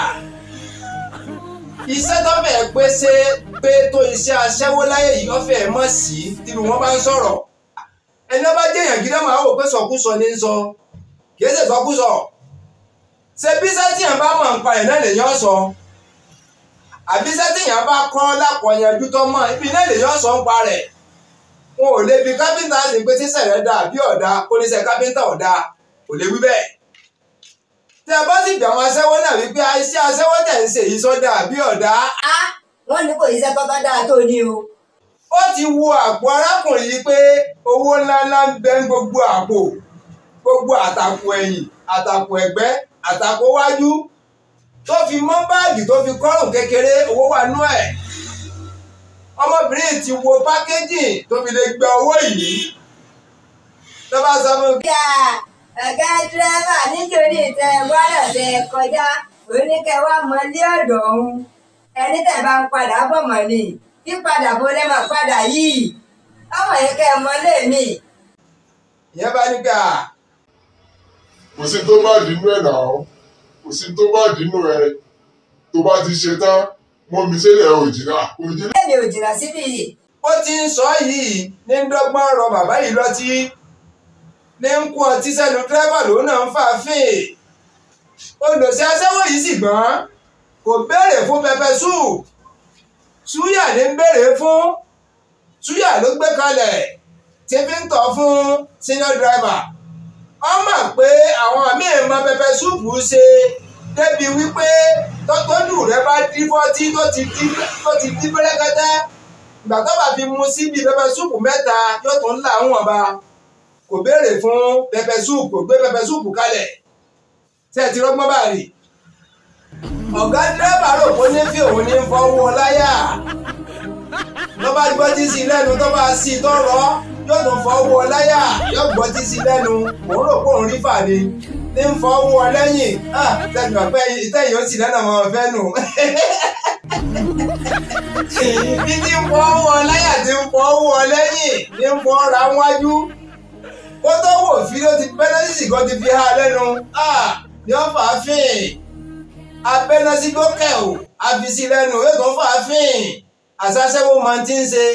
iṣẹ́ tó fẹ́ pé ṣe pé tó iṣẹ́ aṣẹ́wó láyé yìí ọ̀fẹ́ mọ̀ sí tìlú wọn bá ń sọ̀rọ̀ ẹni bá jẹ́yàn gidi máa wò pé sọkúsọ ní sọ kìí ṣe sọkúsọ ṣe bí iṣẹ́ tíyàn bá mọ̀ nípa ẹ̀ náà lèyàn sọ àbí iṣẹ́ tíyàn bá kọ́ lápọ̀yanjú tó mọ̀ ibi náà lèyàn sọ ń parẹ̀ wọn ò lè fi kápẹ́ńtà sí pé tíṣẹ̀ rẹ̀ dà bí ọ̀dà kó níṣẹ́ kápẹ́ńtà ọ̀dà kò lè wí tẹ bá sì gbà àwọn aṣẹ́wó náà wípé ah, iṣẹ́ aṣẹ́wó tẹ̀ ń ṣe yìí sọ́dà àbí ọ̀dà. a wọ́n ní kò yí sẹ́kọ́ bá dáa tó ní o. ó ti wo àpò arákùnrin yìí pé owó ńláńlá ń bẹ ń gbogbo àpò gbogbo àtàkù ẹ̀yìn àtàkù ẹ̀gbẹ́ àtàkù wájú tó fi mọ́ báàgì tó fi kọ́rùn kékeré owó wà nú ẹ̀ ọmọbìnrin ti wo pákéjì tó fi lè gba owó yìí lọ́ba sọ fún mi ọ̀gá dírẹ́fà nítorí tẹ gbọ́dọ̀ tẹ kọjá oníkẹwà mọ́lé ọ̀dọ̀ ọ̀hún ẹni tẹ̀ bá ń padà bọ̀ mọ́ ni pípadà bó lẹ́mọ̀ padà yìí ọmọ yìí kẹ́ ẹ mọ́lé mi. ìyẹn bá ní ká. kò sí tó bá dínú ẹ̀ náà kò sí tó bá dínú ẹ̀ tó bá ti ṣe tán mọ́ mi sílẹ̀ òjìlá. bẹ́ẹ̀ òjìlá síbí yìí. ó ti ń sọ yìí ní dọ́gbọ́n rọ bàbá yìí lọ́tí ní ń kú ọtí sẹ́nu dírẹ́bà lòun náà ń fàáfin olùsí aṣẹ́wó yìí sì gbọ́n kò béèrè fún pẹpẹ súù súyà ní ń béèrè fún súyà ló gbé kalẹ̀ tí fi ń tọ̀ fún senior driver ọ mọ̀ pé àwọn míì mọ pẹpẹ súùpù ṣe débi wípé tọ́tọ́jú rẹ bá dí fọ́tí tó ti dí bẹ́rẹ́kẹ́tẹ́ ìgbà tó bá fi mu síbi pẹpẹ súùpù mẹ́ta yóò tún là ń wọ̀n ba kò béèrè fún pẹpẹ súùpù kò gbé pẹpẹ súùpù kalẹ̀ tẹ́ ẹ ti rọ́gbọ́n bá rí. ọ̀gá dírẹ́bà rò pé ní fi òun ní fọwọ́ láyà lọ́ba gbọ́tí sí lẹ́nu tó bá sí tọrọ yóò tún fọwọ́ láyà yóò gbọ́tí sí lẹ́nu òun rò pé òun rí fà ni ní ń fọwọ́ lẹ́yìn lẹ́nu àpẹ́ ìtẹ̀yìn ó sì lẹ́nà ọmọ ọ̀fẹ́ nù. ní ti ń fọwọ́ láyà ti ń fọwọ́ lẹ́yìn ní ń fọ́ ra wájú wọ́n tó wò fi ló ti pẹ́nẹ́sì kan ti fi há lẹ́nu ni wọ́n fà á fìn abẹ́nẹ́sì gbókè o àfisí lẹ́nu yóò tó fà á fìn àsásẹ́wó máa ti ń ṣe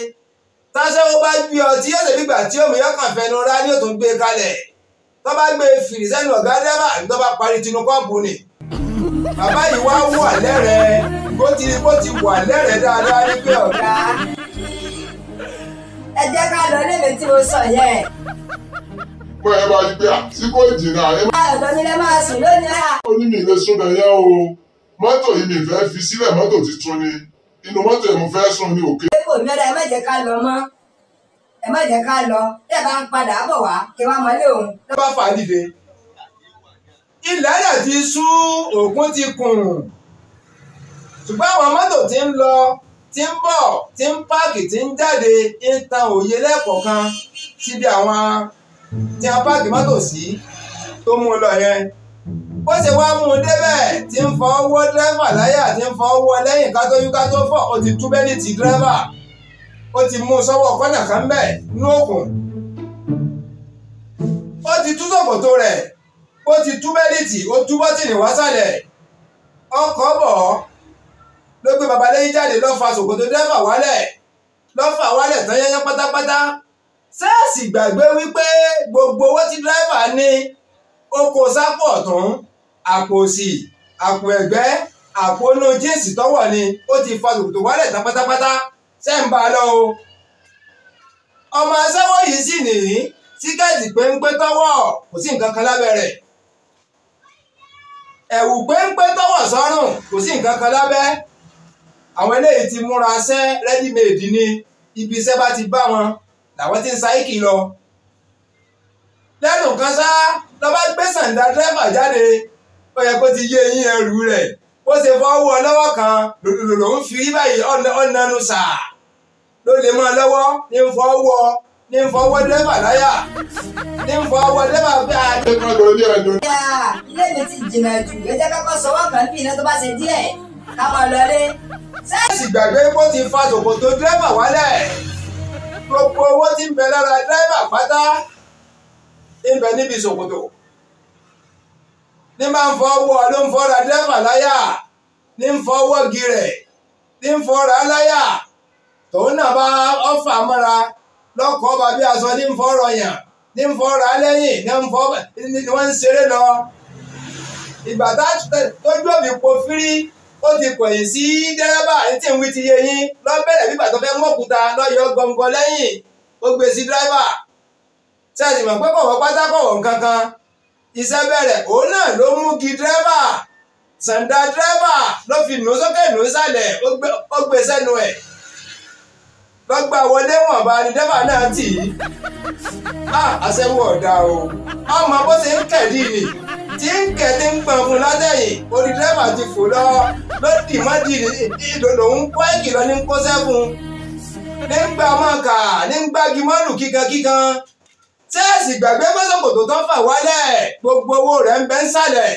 tásẹ́wó bá gbé ọ tí yóò ṣe gbígbà tí omi yóò kàn fẹnu rá ni yóò tó gbé e kalẹ̀ tó bá gbé e fìrì sẹ́nu ọ̀gá dẹ́rẹ́bà àbí tó bá parí tinú kọ́ọ̀bù ni bàbá yìí wá wà lẹ́rẹ̀ẹ́ bó ti bó ti wà lẹ́rẹ̀ẹ́ dáadáa ní pé ọ̀gá. ẹ jẹ́ ká lọ lébi tí mo sọ yẹn bọ́ ẹ bá gbé à tí kò jìnnà. ẹ̀gbọ́n mi lè máa sùn lónìí. ó ní mi lè sún bẹ̀yẹ o mọ́tò yìí mi fẹ́ fi sílẹ̀ mọ́tò tuntun ni inú mọ́tò yẹn mo fẹ́ sùn ní òkè. ẹ kò ní ọ̀dà ẹ má jẹ́ ká lọ mọ́ ẹ má jẹ́ ká lọ tẹ́ bá ń padà bọ̀ wá kí wọ́n mọ́lé òun. ló bá fà á dìde ilẹ̀ rẹ̀ ti sú òkun ti kùn ṣùgbọ́n àwọn mọ́tò ti ń lọ ti ń bọ̀ ti ń páàkì ti ń jáde ń tan òye lẹ́ẹ̀kọ̀ọ̀kan síbi àwọn tí a páàkì mọ́tò sí tó mú un lọ yẹn bó ṣe wá mú un débẹ̀ tí ń fọ ọwọ́ dírẹ́fà láyà tí ń fọ ọwọ́ lẹ́yìn ká tó tó fọ̀ ó ti tú bẹ́líìtì dírẹ́fà ó ti mú un sọ́wọ́ kọ́nà kan bẹ̀ ní òkun ó ti tú ṣòkòtò rẹ̀ ó ti tú bẹ́líìtì ó tú bọ́tìnì wá ọkọ̀ bọ̀ ló gbé babalẹ́yìn jáde ló fa dírẹ́fà wálẹ̀ ló wálẹ̀ tán yẹ́yẹ́ pátápátá sẹ́ẹ̀sì gbàgbé wípé gbogbo owó tí dírẹ́fà ní ó kó sápò ọ̀tún àpò òsì àpò ẹ̀gbẹ́ àpò inú jíǹsì tọ́wọ̀ ni ó ti fa tòkòtò wálẹ̀ tán pátápátá sẹ́ǹbà lọ o. ọmọ aṣẹ́wó yìí sì nìyí tíkẹ́ẹ̀tì péńpé tọ́wọ̀ kò sí nǹkan kan lábẹ́ rẹ̀ ẹ̀wù péńpé tọ́wọ̀ sọ́rùn kò sí nǹkan kan lábẹ́ àwọn eléyìí ti múra ṣẹ́ rẹ́dímèdì ni ibi iṣẹ́ bá ti bá wọn làwọn ti ń sa lọ lẹ́nu kan sá lọ́ba gbé sàǹdà dírẹ́fà jáde ó yẹ kó ti yé eyín ẹrù rẹ̀ bó ṣe fọwọ́ ọlọ́wọ́ kan lòlòlò ń fi báyìí ọ̀nànú sà ló lè mọ́ lọ́wọ́ ní ń ní ń dẹ́fà láyà ní ń dẹ́fà bí a. ilé mi ti jìnnà jù ẹjẹ kọ́kọ́ sọwọ́ kan bí iná tó bá ṣe díẹ̀ ká máa lọlé. ṣé. ìgbàgbé bó ti fa tòkòtò dẹ́fà wálẹ̀. gbogbo owó tí ń bẹ lára dírẹ́bà pátá ń bẹ níbi ṣòkòtò ní máa ń fọ ọwọ́ ló ń fọ́ra dírẹ́bà láyà ní ń fọ ọwọ́ gi rẹ̀ ní ń fọ́ra láyà tòun náà bá ọ̀fà mọ́ra lọ́kọ̀ ọba bí aṣọ ní ń fọ́rọ̀ yàn ní ń fọ́ra lẹ́yìn ní ń fọ́ ní wọ́n ń lọ ìgbà tó jọ́ mi po ó ti kọ̀yìn sí dẹ́rẹ́bà ẹni tí ń wí ti yé yín lọ́bẹ̀rẹ̀ bíbà tó fẹ́ mọ́kúta lọ́yọ̀ gbọ̀ngàn lẹ́yìn ó gbé sí dírẹ́bà sẹ́ẹ̀sì mọ̀ pé kọ̀wọ́ pátákọ̀wọ́ kankan iṣẹ́ bẹ̀rẹ̀ òun náà ló mú kí dírẹ́bà sàǹdà dírẹ́bà ló fi nù sókè nù sálẹ̀ ó gbé sẹ́nu ẹ̀ lọ́gbà wọlé wọ̀nba ni dẹ́bà náà tì í àṣẹ́wó ah, ọ̀dà o ọmọ bó ṣe ń kẹ̀dí ni. tí kẹ̀tí ń pọn fún látẹ̀yìn onídẹ́rẹ́bà ti fò lọ lódì mọ́dì ìdòdò ń kọ́ lọ ní kó sẹ́fun ní ń gba ọmọ kà ní ń gbági mọ́lù kíkankíkan sẹ́ẹ̀sì gbàgbé tó fà wálẹ̀ gbogbo owó rẹ̀ ń bẹ́ ń sàlẹ̀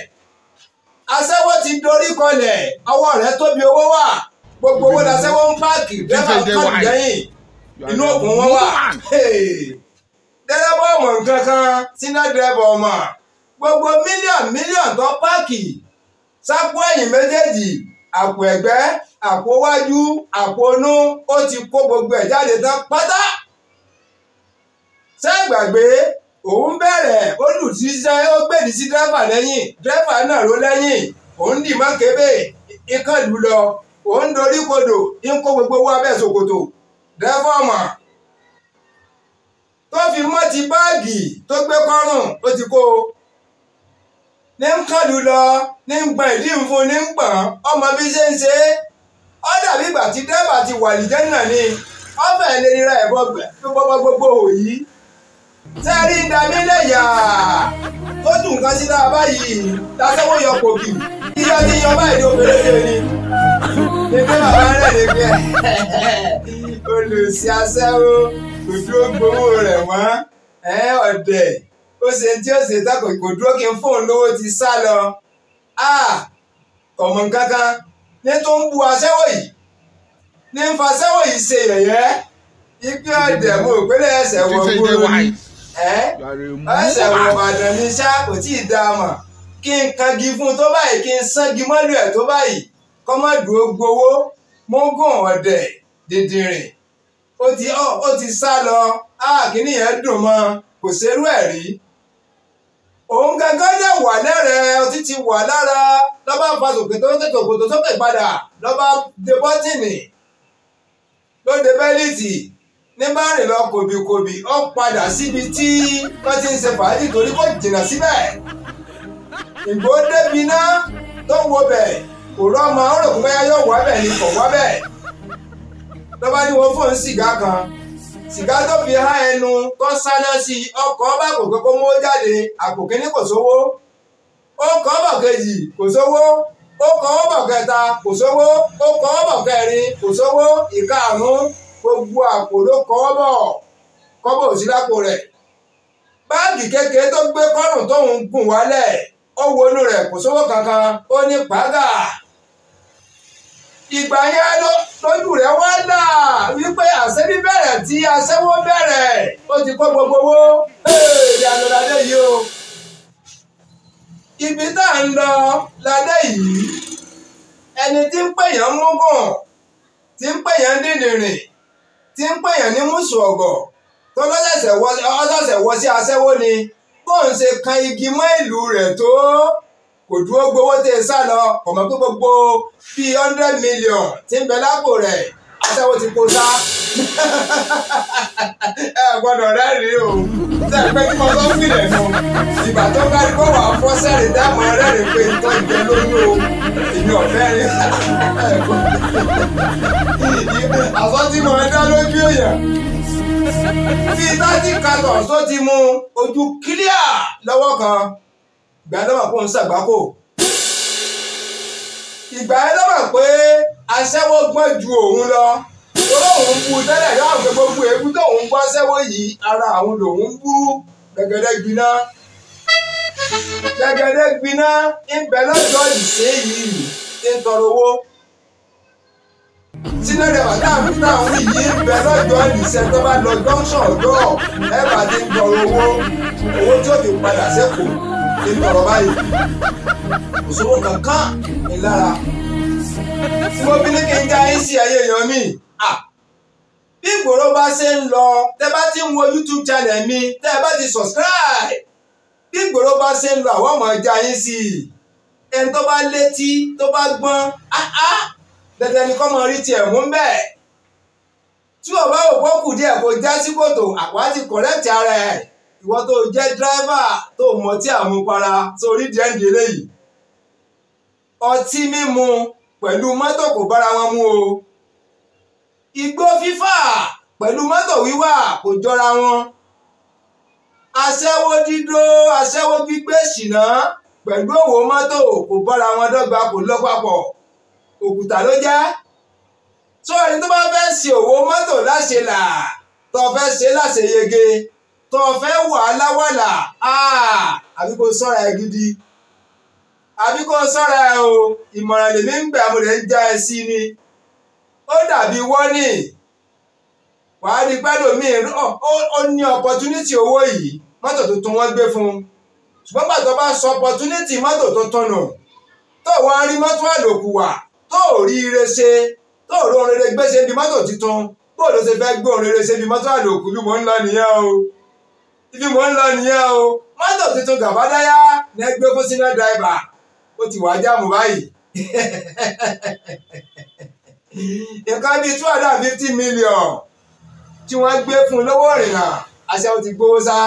tóbi owó wà gbogbo owó ń páàkì wà ọmọ nǹkan kan sínú ọmọ gbogbo mílíọ̀nù mílíọ̀nù tó páàkì sápò ẹ̀yìn méjèèjì àpò ẹ̀gbẹ́ àpò wájú àpò inú ó ti kó gbogbo ẹ̀ jáde tán pátá sẹ́gbàgbé òun bẹ̀rẹ̀ olùṣiṣẹ́ ó gbèdì sí dírẹ́fà lẹ́yìn dírẹ́fà náà ló lẹ́yìn òun dì lọ òun dorí kodò gbogbo owó abẹ́ ọ̀mà tó fi mọ́ ti ní ń kọlù lọ ní ọmọ bí ṣe ń ṣe é dàbí ìgbà tí dẹ́rẹ́bà ti wà lìjẹ́ náà ni ọbẹ̀ lè rira ẹ̀bọ gbogbo sẹ́rí lẹ́yà tó nǹkan sí báyìí yọ pòkì yọ báyìí ló ẹgbẹ́ bàbá rẹ̀ lè kò dúró wọ́n ọ̀dẹ̀. ó ṣe tí ó ṣe tako kò dúró kí n fóun lówó ti sá lọ kọ̀mọ̀ kankan ní tó ń bu aṣẹ́wó yìí ní ń fa aṣẹ́wó yìí ṣe yẹ̀yẹ́ ipe ọ̀dẹ̀ mo ìpínlẹ̀ ẹsẹ̀ wọ gbòòrò ni ẹsẹ̀ wọ Ìbàdàn ní sá kò tí ì dá a mọ̀ kí n kangi fún un tó báyìí kí n sangi mọ́lù ẹ̀ tó báyìí kọ́ má dúró gbowó mógùn ọ̀dẹ̀ dìndìnrìn ó ti sá lọ á kìíní yẹn dùn mọ́ kò ṣerú ẹ̀ rí òun gangan wà lẹ́rẹ̀ ọtí wà lára lọ́ba fa sòkè tó tètò kòtò sókè padà lọ́ba de bọ́tìnì ló de bẹ́líìtì ní bá rìn lọ kòbìkòbì ọ padà síbi tí wọ́n ti ń fàájì torí kò jira síbẹ̀ ìgbó débi náà tó wo ọ̀rọ̀ yóò wá ni kò wá lọ́ba wọ́n fóun sìgá kan. sìgá tó fi há ẹnu tó sáná sí i ọkọ̀ bá kò kókó mú jáde àpò kínní kò sówó ó kọ́ bọ̀ kejì kò sówó ó kọ́ bọ̀ kẹta kò sówó ó kọ́ bọ̀ kẹrin kò sówó ìkarùn-ún gbogbo àpò ló kọ́ bọ̀ kọ́bọ̀ sí rẹ̀ báàgì kékeré tó gbé kọ́rùn tóun gùn wálẹ̀ ó wọnú rẹ̀ kò sówó kankan ó ní pàgà ìgbà yẹn ló lójú rẹ̀ wá là wípé àṣẹ bíbẹ̀rẹ̀ tí aṣẹ́wó bẹ̀rẹ̀ ó ti kó gbogbo owó ìyànà ládé yìí o ibi tá à ń lọ ládé yìí ẹni tí ń pèyàn múgùn tí ń pèyàn dìndìnrìn tí ń pèyàn ní mùsùn ọ̀gọ̀ tó lọ́sẹ̀sẹ̀ wọ sí aṣẹ́wó ni bóun ṣe kan igi mọ́ ìlú rẹ̀ tó kò dúró gbowó tẹ ẹ sá lọ kò mọ̀ pé gbogbo bíi hundred million ti ń bẹ lápò rẹ̀ aṣẹ́wó ti kó sá ẹ gbọ́dọ̀ rẹ́rìn o ṣe pé kí mo lọ́ọ́ fìlẹ̀ nu ìgbà tó bá rí bọ́wọ́ àfọ́sẹ́rìn dáàmú ẹlẹ́rìn pé ìtọ́ ìjẹ lóyún o èmi ọ̀fẹ́ rí àfọ́tí mo dá lójú èèyàn tí tájí katọ̀ tó ti mú ojú kílíà lọ́wọ́ kan ìgbà yẹn ló mọ̀ pé òun ṣàgbákò ìgbà yẹn ló mọ̀ pé aṣẹ́wó gbọ́n ju òun lọ olóhùn bú tẹ́lẹ̀ yóò fẹ́ gbogbo ewu tóun bá aṣẹ́wó yìí ara àwọn lòun bú gbẹgẹdẹ gbiná gbẹgẹdẹ gbiná ń bẹ lọ́jọ́ ìṣe yìí ń tọrọ owó sinadi àwọn táwọn táwọn yìí ń bẹ lọ́jọ́ ìṣe tó bá lọ jọ́ńsọ̀ ọ̀dọ́ ẹ̀ bá ti ń tọrọ owó owó tí ó ti padà sẹ́kọ̀ọ́ nínú ọ̀rọ̀ báyìí kò kankan ní lára tí mo fi ní kí n ká ẹ ayé èèyàn mi bí ìgboro bá ṣe ń lọ tẹ bá ti ń wo YouTube channel mi tẹ bá ti subscribe bí ìgboro bá ṣe ń lọ àwọn ọmọ ẹja yín sí i ẹni tó bá létí tó bá gbọ́n áá dẹ̀dẹ̀ ni kọ́mọ rí tiẹ̀ mú bẹ́ẹ̀ tí o bá wò pọ́kù díẹ̀ kó já sí kòtò àpá ti kọ̀rẹ́tì ara ẹ̀ ìwọ tó jẹ́ dírẹ́fà tó mọ tí para sórí díẹ̀ ń délé yìí ọtí mímu pẹ̀lú mọ́tò kò bára wọn mu o igbó fífà pẹ̀lú mọ́tò wíwà kò jọra wọn aṣẹ́wó dídó aṣẹ́wó gbígbé ṣìnà pẹ̀lú òwò mọ́tò kò bára wọn dọ́gba kò lọ papọ̀ òkúta ló jẹ́ tó ẹni tó bá fẹ́ ṣe òwò mọ́tò láṣẹ là tó fẹ́ ṣe láṣẹ yege tó o fẹ́ wàhálà wàhálà ah, àbí kò sọ́ra ẹ gidi àbí kò sọ́ra ẹ o ìmọ̀ràn lèmi ń gbà mo lè ń já ẹ sí ni ó dàbí wọ́nì wàá rí gbádùn mi ó ní opportunity owó yìí mọ́tò tuntun wọ́n gbé fún un ṣùgbọ́n pàtó bá sọ opportunity mọ́tò tuntun nù tó wá rí mọ́tò àlòkù wà tó rí ire ṣe tó rí orin rere gbé ṣe bí mọ́tò tuntun bó ṣe fẹ́ gbé orin rere ṣe bí mọ́tò àlòkù bí mò ń lọ nìyẹn o ibi mò ń lọ nìyẹn o mọ́tò tuntun gàbádáyà ní ẹgbẹ́ fún senior driver ó ti wá jáàmù báyìí nǹkan bíi two hundred and fifty million tí wọ́n gbé fún lówó ìrìnà aṣẹ́wó ti gbówó sá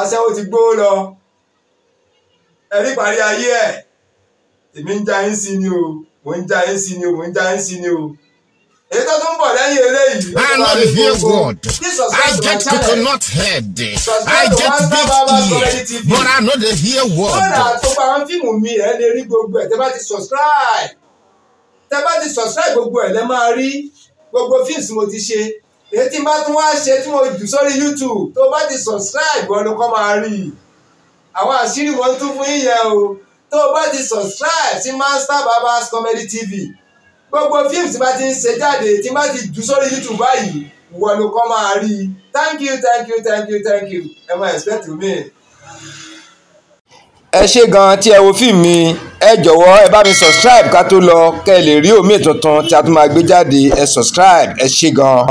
aṣẹ́wó ti gbówó lọ ẹ̀rí parí ayé ẹ̀ èmi ń já yín sí ni o mò ń já yín sí ni o mò ń já sí ni o ètò tó ń bọ̀ lẹ́yìn I know the fears God. I get coconut head. I get big ear. But I know the hear word. Lọ́nà àtọ́pọ̀ àwọn fíìmù mi ẹ̀ lè gbogbo ẹ̀ subscribe. Tẹ́ subscribe gbogbo ẹ̀ lẹ́ máa rí gbogbo fíìmù mo ti ṣe. Èyí tí bá tún wá ṣe tí mo jù sórí YouTube tó bá ti subscribe ọ̀nà kan máa rí. Àwọn àṣírí wọn tún fún yíyẹ o. Tó bá ti subscribe sí Master Babas Comedy TV gbogbo fíìmù tí bá ti ń ṣe jáde tí bá ti jù sórí youtube báyìí ìwọ ló kọ́ máa rí i thank you thank you thank you thank you ẹ máa expect me. ẹ ṣe gan-an tí ẹ wo fíìmù mi ẹ jọ̀wọ́ ẹ bá mi subscribe ká tó lọ kẹ́ ẹ lè rí òmíì tuntun tí a tún máa gbé jáde ẹ subscribe ẹ ṣe gan